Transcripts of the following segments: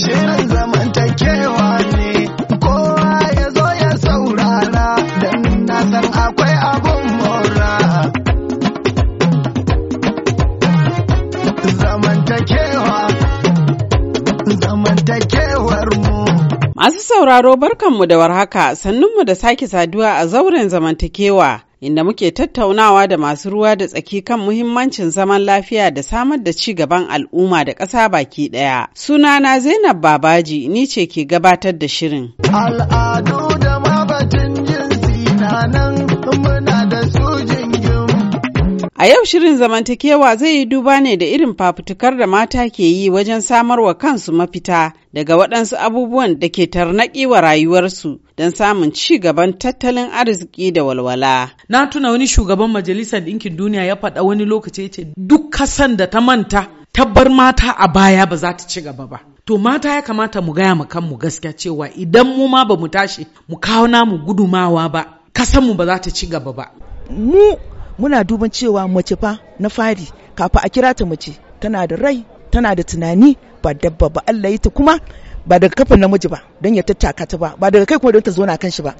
shirin zamantakewa ne kowa ya zo ya saurara don na san akwai abun mora zamantakewa zamantakewar mu masu sauraro barkanmu da warhaka sannunmu da sake saduwa a zauren zamantakewa inda muke tattaunawa da masu ruwa da tsaki kan muhimmancin zaman lafiya da samar da ci gaban al'umma da ƙasa baki ɗaya. Sunana Zainab Babaji ni ce ke gabatar da shirin. Al'adu da mabatin jinsi na nan muna A yau shirin zamantakewa zai yi duba ne da irin fafutukar da mata ke yi wajen samarwa kansu mafita daga waɗansu abubuwan da ke tarnaƙi wa rayuwarsu don samun ci gaban tattalin arziki da walwala. Na tuna wani shugaban Majalisar Ɗinkin Duniya ya faɗa wani lokaci ce duk kasan da ta manta tabbar mata a baya ba za ta ci gaba ba. To mata ya kamata mu gaya ma kanmu gaskiya cewa idan mu ma ba mu tashi mu kawo namu gudumawa ba, kasanmu ba za ta ci gaba ba. Mu muna duban cewa mace fa na fari kafa a kira ta mace tana da rai tana da tunani ba dabba ba Allah yi ta kuma ba daga kafin namiji ba don ya tattaka ta ba ba daga kai kuma don ta zauna kan shi ba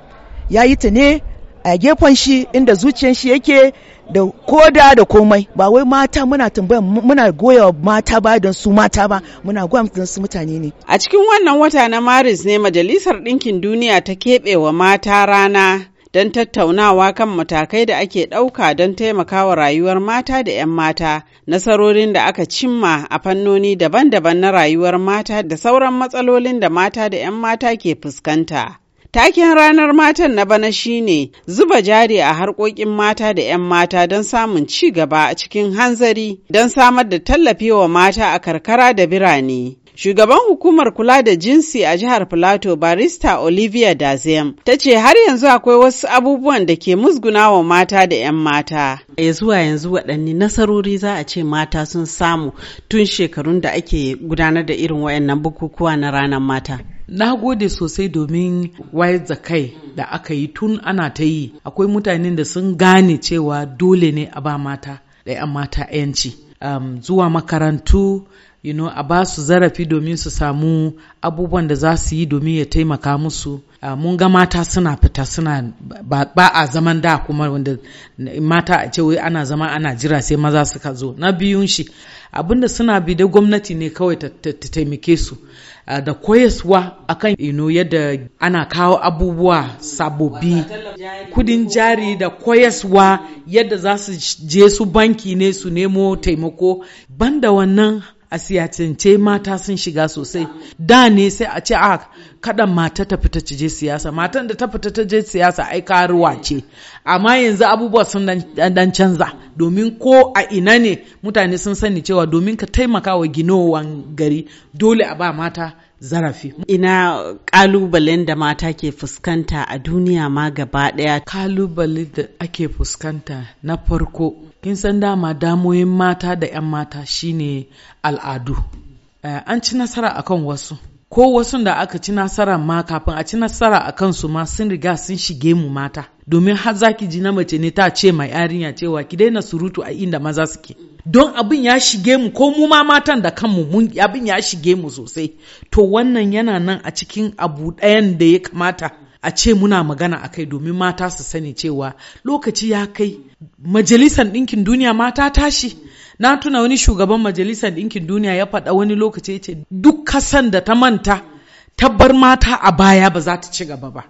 ya yi ta ne a gefen shi inda zuciyar shi yake da koda da komai ba wai mata muna tambaya muna goya mata ba don su mata ba muna goya don su mutane ne a cikin wannan wata na maris ne majalisar ɗinkin duniya ta keɓe wa mata rana don tattaunawa kan matakai da ake ɗauka don taimakawa rayuwar mata da 'yan mata, nasarorin da aka cimma a fannoni daban-daban na rayuwar mata da sauran matsalolin da mata da 'yan mata ke fuskanta. Taken ranar matan na bana shine zuba jari a harkokin mata da 'yan mata don samun ci gaba a cikin hanzari don samar da tallafi wa mata a karkara da birane. Shugaban hukumar kula da jinsi a jihar Filato barista Olivia Dazem ta ce har yanzu akwai wasu abubuwan da ke musguna wa mata da 'yan mata. Ya zuwa yanzu waɗanne nasarori za a ce mata sun samu tun shekarun da ake gudanar da irin wayannan bukukuwa na ranar mata. Na gode sosai domin wayar da kai da aka yi tun ana ta yi akwai mutanen da sun gane cewa dole ne a ba mata da 'yan mata 'yanci. Um, zuwa makarantu you know, a ba su zarafi domin su samu abubuwan da za su yi domin ya taimaka musu uh, mun ga mata suna fita suna ba, a zaman da kuma wanda mata a ce wai ana zama ana jira sai maza suka zo na biyun shi abinda suna bi da gwamnati ne kawai ta taimake su uh, da koyaswa akan you yadda ana kawo abubuwa sabobi kudin jari da koyaswa yadda za su je su banki ne su nemo taimako banda wannan a siyasance mata sun shiga sosai da ne sai a ce a ah, kada mata ta fita ta je siyasa matan da ta fita ta je siyasa ai karuwa ce amma yanzu abubuwa sun dan canza domin ko a ina ne mutane sun sani cewa domin ka taimaka wa ginowan gari dole a ba mata zarafi ina kalubalen da mata ke fuskanta a duniya ma gaba daya kalubale da ake fuskanta na farko kin san dama damoyin mata da 'yan mata shine al'adu eh, an ci nasara akan wasu ko wasu da aka ci nasara ma kafin a ci nasara a kansu ma sun riga sun shige mu mata domin har za ki ji na mace ne ta ce mai yarinya cewa ki daina surutu a inda maza suke don abin ya shige mu ko mu ma matan da kanmu mun abin ya shige mu sosai to wannan yana nan a cikin abu ɗayan da ya kamata a ce muna magana a kai domin mata su sani cewa lokaci ya kai majalisar ɗinkin duniya mata tashi na tuna wani shugaban majalisar ɗinkin duniya ya faɗa wani lokaci ya ce duk kasan da ta manta tabbar mata a baya ba za ta ci gaba ba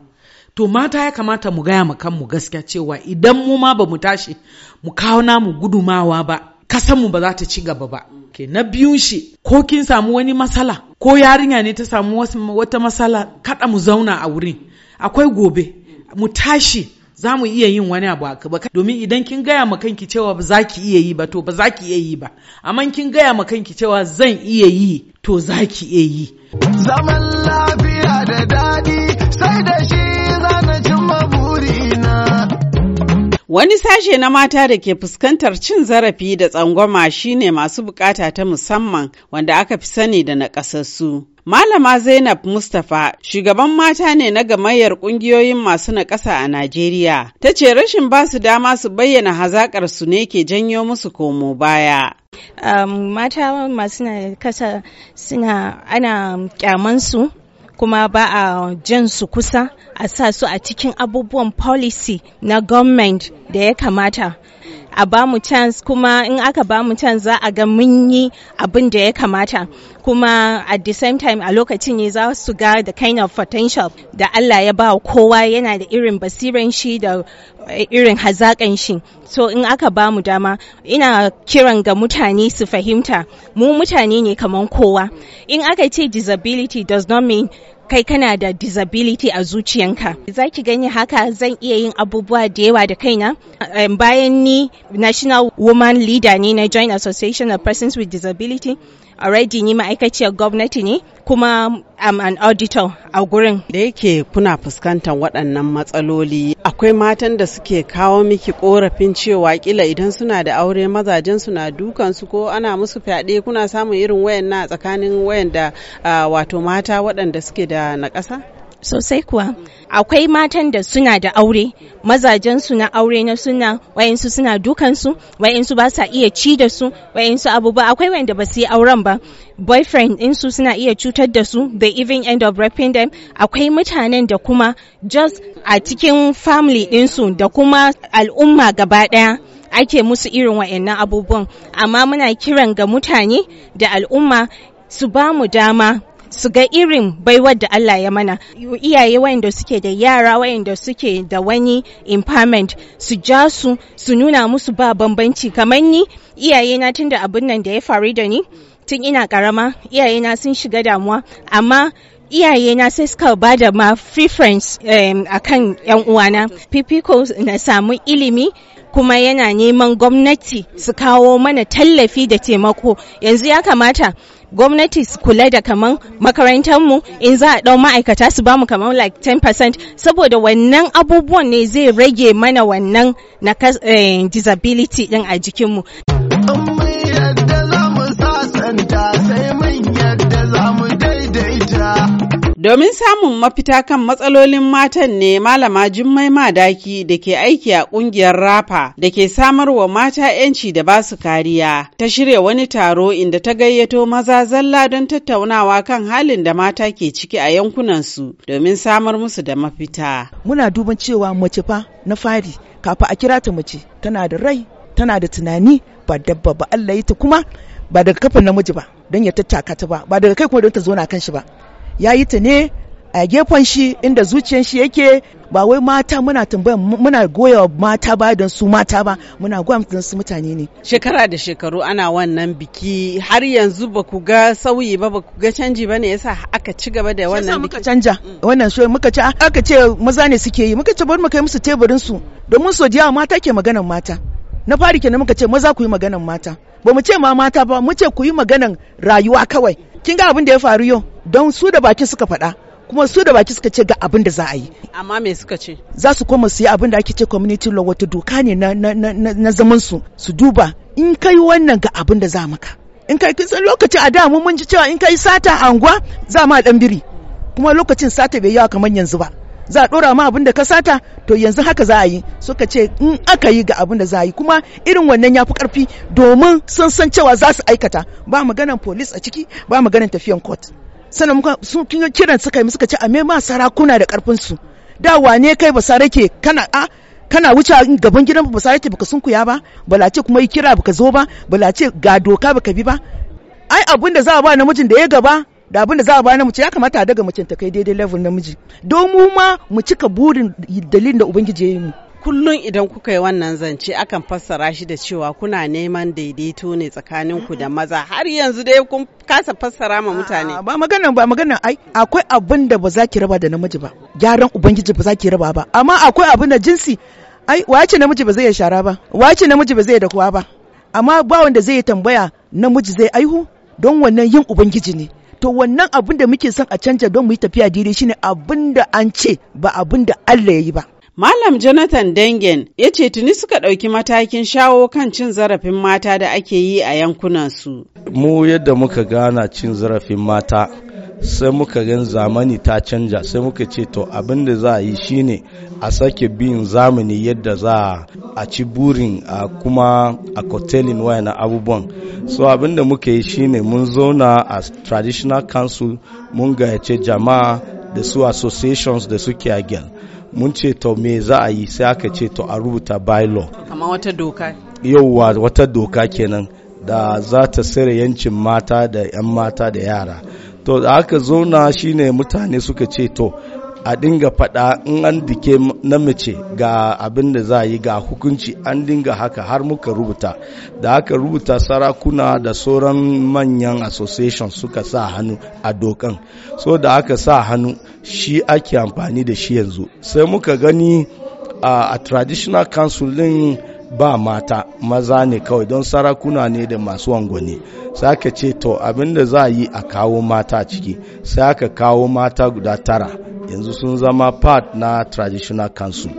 to mata ya kamata mu gaya mu kanmu gaskiya cewa idan mu ma ba mu tashi mu kawo namu gudumawa ba kasanmu ba za ta ci gaba ba. Ke na biyun shi ko kin samu wani matsala. ko yarinya ne ta samu wata matsala. kada mu zauna a wurin akwai gobe mu tashi za mu iya yin wani abu a ba domin idan kin gaya ma kanki cewa ba za ki iya yi ba to ba za ki iya yi ba amma kin gaya ma kanki cewa zan iya yi to za ki iya yi zaman lafiya da daɗi sai da shi zana cimma burina Wani sashe na mata da ke fuskantar cin zarafi da tsangwama shine masu bukata ta musamman wanda aka fi sani da nakasassu. Malama Zainab Mustapha shugaban mata ne na gamayyar kungiyoyin masu naƙasa a Najeriya. Ta ce rashin ba su dama su bayyana hazakar su ne ke janyo musu komo baya. Um, mata masu na kasa suna ana kyamansu kuma ba a jan su kusa a sa su a cikin abubuwan policy na government da ya kamata a bamu chance kuma in aka bamu chance za a ga mun yi abin da ya kamata kuma at the same time a lokacin ne za su ga the kind of potential da Allah ya ba kowa yana da irin basiran shi da eh, irin hazaƙan shi so in aka ba mu dama ina kiran ga mutane su fahimta mu mutane ne kaman kowa in aka ce disability does not mean kai kana da disability a zuciyanka za ki gani haka zan iya yin abubuwa da yawa da kaina um, bayan ni national woman leader ne na joint association of persons with disability already ni ma'aikaciyar gwamnati ne kuma am an auditor a gurin. Da yake kuna fuskantar waɗannan matsaloli akwai matan da suke kawo miki korafin cewa kila idan suna da aure mazajen suna dukan su ko ana musu fyaɗe kuna samun irin wayan na tsakanin wayan da ah, wato mata waɗanda suke da na ƙasa? sosai kuwa akwai matan da suna da aure mazajen su na aure na suna wayansu suna dukansu wayansu ba sa iya ci da su wayansu abubuwa akwai wanda ba su yi auren ba boyfriend din su suna iya cutar da su The even end of raping them akwai mutanen da kuma just a cikin family din su da kuma al'umma gaba daya ake musu irin wayannan abubuwan amma muna kiran ga mutane da al'umma su ba mu dama su ga irin baiwar da Allah ya mana iyaye wayanda suke da yara wayanda suke da wani impairment su ja su su nuna musu ba bambanci kamar ni iyaye na tunda abin nan da ya faru da ni tun ina karama iyaye na sun shiga damuwa amma iyaye na sai suka ba da ma preference a akan yan uwana fifiko na samu ilimi kuma yana neman gwamnati su kawo mana tallafi da taimako yanzu ya kamata gwamnati su kula da kaman makarantar mu in za a dau ma'aikata su bamu kamar like 10% saboda wannan abubuwan ne zai rage mana wannan na eh, disability din a jikinmu. sai Domin samun mafita kan matsalolin matan ne Malama Jummai Madaki da ke aiki a kungiyar Rafa da ke samar wa mata 'yanci da ba su kariya. Ta shirya wani taro inda ta gayyato maza zalla don tattaunawa kan halin da mata ke ciki a yankunansu domin samar musu da mafita. Muna duban cewa mace fa na fari kafa a kira ta mace tana da rai tana da tunani ba dabba ba Allah ya ta kuma ba daga kafin namiji ba don ya tattaka ta ba ba daga kai kuma don ta zo na kan shi ba ya yi ta ne a gefen shi inda zuciyan shi yake ba wai mata muna tambaya muna goya mata ba don su mata ba muna goya don su mutane ne shekara da shekaru ana wannan biki har yanzu ba ku ga sauyi ba ba ku ga canji ba ne yasa aka ci gaba da wannan biki muka canja mm. wannan shi muka ce ah, aka ce maza ne suke yi muka ce bari mu kai musu teburin su domin so jiya mata ke maganan mata na fari kenan muka ce maza ku yi maganan mata ba mu ce ma mata ba mu ce ku yi maganan rayuwa kawai kin ga abin da ya faru yau don su da baki suka faɗa kuma su da baki suka ce ga abin da za a yi amma me suka ce za su koma su yi abin da ake ce community law wata doka ne na, na, na, na zaman su su duba in kai wannan ga abin da za maka in kai kisan lokaci a da mun ji cewa in kai sata a anguwa za ma dan biri kuma lokacin sata bai yawa kamar yanzu ba za a ɗora ma abin da ka sata to yanzu haka za a yi suka ce in aka yi ga abin da za a yi kuma irin wannan ya fi ƙarfi domin sun san cewa za su aikata ba maganan polis a ciki ba maganan tafiyan court sannan muka sun kiran suka yi suka ce a me ma sarakuna da ƙarfinsu da wane kai ba sarake kana a kana wuce gaban gidan ba sarake baka sunkuya ba balace kuma yi kira baka zo ba balace ga doka baka bi ba ai abin da za a ba namijin da ya gaba da abin da za a bayar mace ya kamata a daga mace ta kai daidai level namiji don mu ma mu cika burin dalilin da ubangiji ya yi mu kullum idan kuka yi wannan zance akan fassara shi da cewa kuna neman daidaito ne tsakanin ku da maza har yanzu dai kun kasa fassara ma mutane ba magana ba magana ai akwai abin da ba za ki raba da namiji ba gyaran ubangiji ba za ki raba ba amma akwai abin da jinsi ai wace namiji ba zai yi shara ba wace namiji ba zai da kuwa ba amma ba wanda zai yi tambaya namiji zai aihu don wannan yin ubangiji ne to wannan abin da muke son a canja don mu yi tafiya daidai shine abin da an ce ba abin da Allah ya yi ba Malam Jonathan Dengen ya ce tuni suka ɗauki matakin shawo kan cin zarafin mata da ake yi a yankunansu. Mu yadda muka gana cin zarafin mata sai muka gan zamani ta canja sai muka ce to abin da za a yi shine a sake bin zamani yadda za a ci burin a kuma a kotelin wayana abubuwan so da muka yi shine mun zauna a traditional council mun gayyace jama'a da su associations da suke a gel mun ce to me za a yi sai aka ce to a rubuta bylaw kama wata doka yauwa wata doka kenan da za ta sare yancin mata da 'yan mata da yara to da aka zauna shine mutane suka ce to a dinga faɗa in an dike na mace ga abin da za yi ga hukunci an dinga haka har muka rubuta da aka rubuta sarakuna da sauran manyan association suka sa hannu a dokan so da aka sa hannu shi ake amfani da shi yanzu sai muka gani a traditional council din ba mata maza ne kawai don sarakuna ne da masu wangwani sai aka ce to abin da za a yi a kawo mata ciki sai aka kawo mata guda tara yanzu sun zama part na traditional council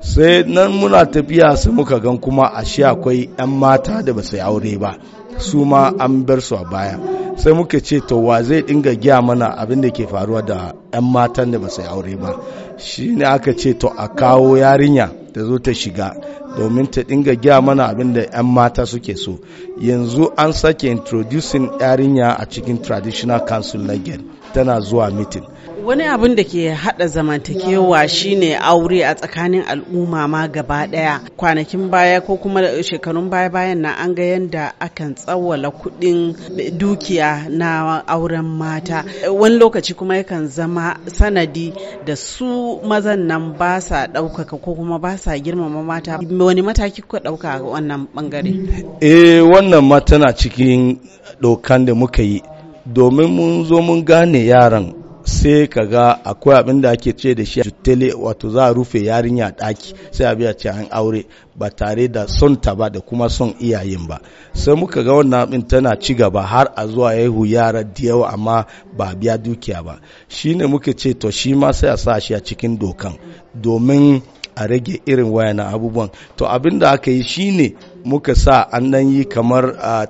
sai nan muna tafiya sai muka gan kuma ashe akwai 'yan mata da ba su aure ba su ma an bar su a baya sai muka ce to wa zai dinga giya mana abin da ke faruwa da 'yan matan da ba su aure ba shi ne aka ce to a kawo yarinya ta zo ta shiga domin ta dinga giya mana abin da 'yan mata suke so yanzu an sake introducing yarinya a cikin traditional council na gen tana zuwa meeting wani abin da ke hada zamantakewa shine aure a tsakanin al'umma ma gaba daya kwanakin baya ko kuma shekarun baya bayan na an ga yadda akan tsawala kudin dukiya na auren mata wani lokaci kuma yakan zama sanadi da su mazan nan ba sa daukaka ko kuma ba sa girmama mata wani mataki kuka dauka a wannan bangare eh wannan ma tana cikin dokan da muka yi domin mun zo mun gane yaran sai ka ga akwai abin da ake ce da shi a jutele wato za a rufe yarinya ɗaki sai a biya ce an aure ba tare da son ta ba da kuma son iyayen ba sai muka ga wannan abin tana ci gaba har a zuwa yi yara da yawa amma ba biya dukiya ba shine muka ce to shi ma sai a sa shi a cikin dokan domin a rage irin na abubuwan to abin da aka yi shine muka sa an nan yi kamar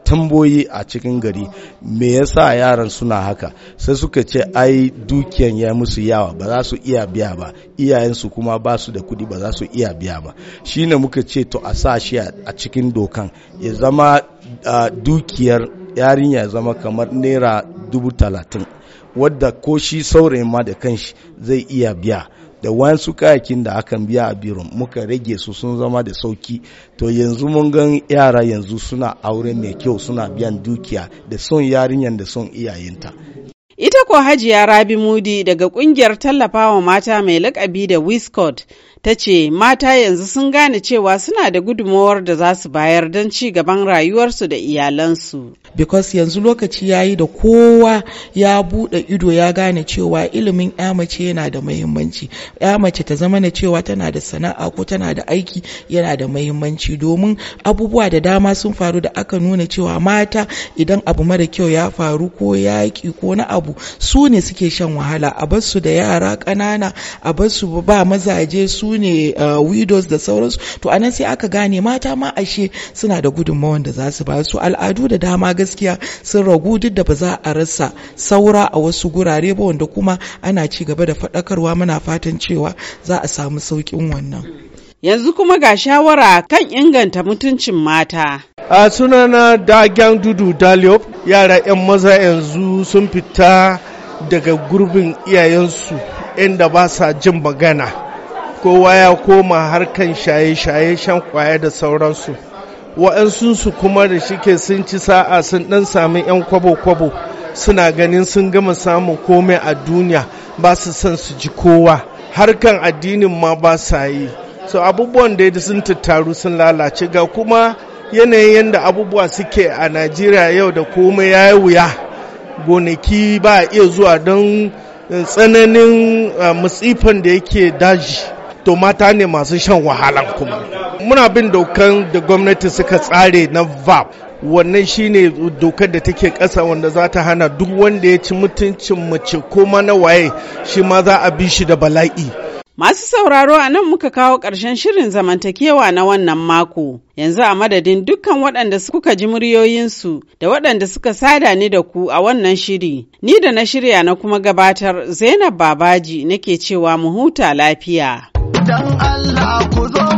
tamboyi a cikin gari me yasa yaran suna haka sai suka ce ai dukiyan ya musu yawa ba za su iya biya ba iyayensu kuma ba su da kudi ba za su iya biya ba shine muka ce to a sa shi a cikin dokan ya zama dukiyar yarinya ya zama kamar naira dubu talatin wadda ko shi saurayin ma da kanshi zai iya biya da wasu kayakin da akan biya a biron muka rage su sun zama da sauki to yanzu mun ga yara yanzu suna aure mai kyau suna biyan dukiya da son yarinyar da son iyayenta Ita ko Hajiya Rabi Mudi daga kungiyar tallafawa mata mai lakabi da Wiscott ta ce mata yanzu sun gane cewa suna da gudunmawar da za su bayar don ci gaban rayuwarsu da iyalansu. Because yanzu lokaci ya yi da kowa ya buɗe ido ya gane cewa ilimin ya mace yana da mahimmanci. Ya mace ta zama na cewa tana da sana'a ko tana da aiki yana da mahimmanci domin abubuwa da dama sun faru da aka nuna cewa mata idan abu mara kyau ya faru ko yaƙi ko na abu abu su ne suke shan wahala a basu da yara ƙanana a basu ba mazaje su ne uh, widows da sauransu to a nan sai aka gane mata ma ashe suna da gudunmawan da za su ba su al'adu da dama gaskiya sun ragu duk da ba za a rasa saura a wasu gurare ba wanda kuma ana ci gaba da faɗakarwa muna fatan cewa za a samu sauƙin wannan Yanzu kuma ga shawara kan inganta mutuncin mata. A sunana Dagen Dudu Daliop yara 'yan maza yanzu sun fita daga gurbin iyayensu inda ba sa jin magana. Kowa ya koma harkan shaye-shaye shan kwaya da sauransu. Wa'ansunsu kuma da shike sun ci sa'a sun ɗan sami 'yan kwabo-kwabo suna ganin sun gama samun komai a duniya ba su son su ji kowa. Harkan addinin ma ba sa yi. so abubuwan da sun tattaru sun lalace ga kuma yanayin yadda abubuwa suke a najeriya yau da komai ya yi wuya gonaki ba iya zuwa don eh, tsananin eh, musifan da yake daji to mata ne masu shan wahalan kuma muna bin dokan da gwamnati suka tsare na vap wannan shine dokar da take ƙasa wanda za ta hana duk wanda ya ci mutuncin mace ko mana waye shi ma za a bi shi da bala'i Masu sauraro a nan muka kawo ƙarshen shirin zamantakewa na wannan mako. Yanzu a madadin dukkan waɗanda suka ji muryoyinsu da waɗanda suka sada ni da ku a wannan shiri. Ni da na shirya na kuma gabatar Zainab Babaji nake cewa mu huta lafiya. Allah ku zo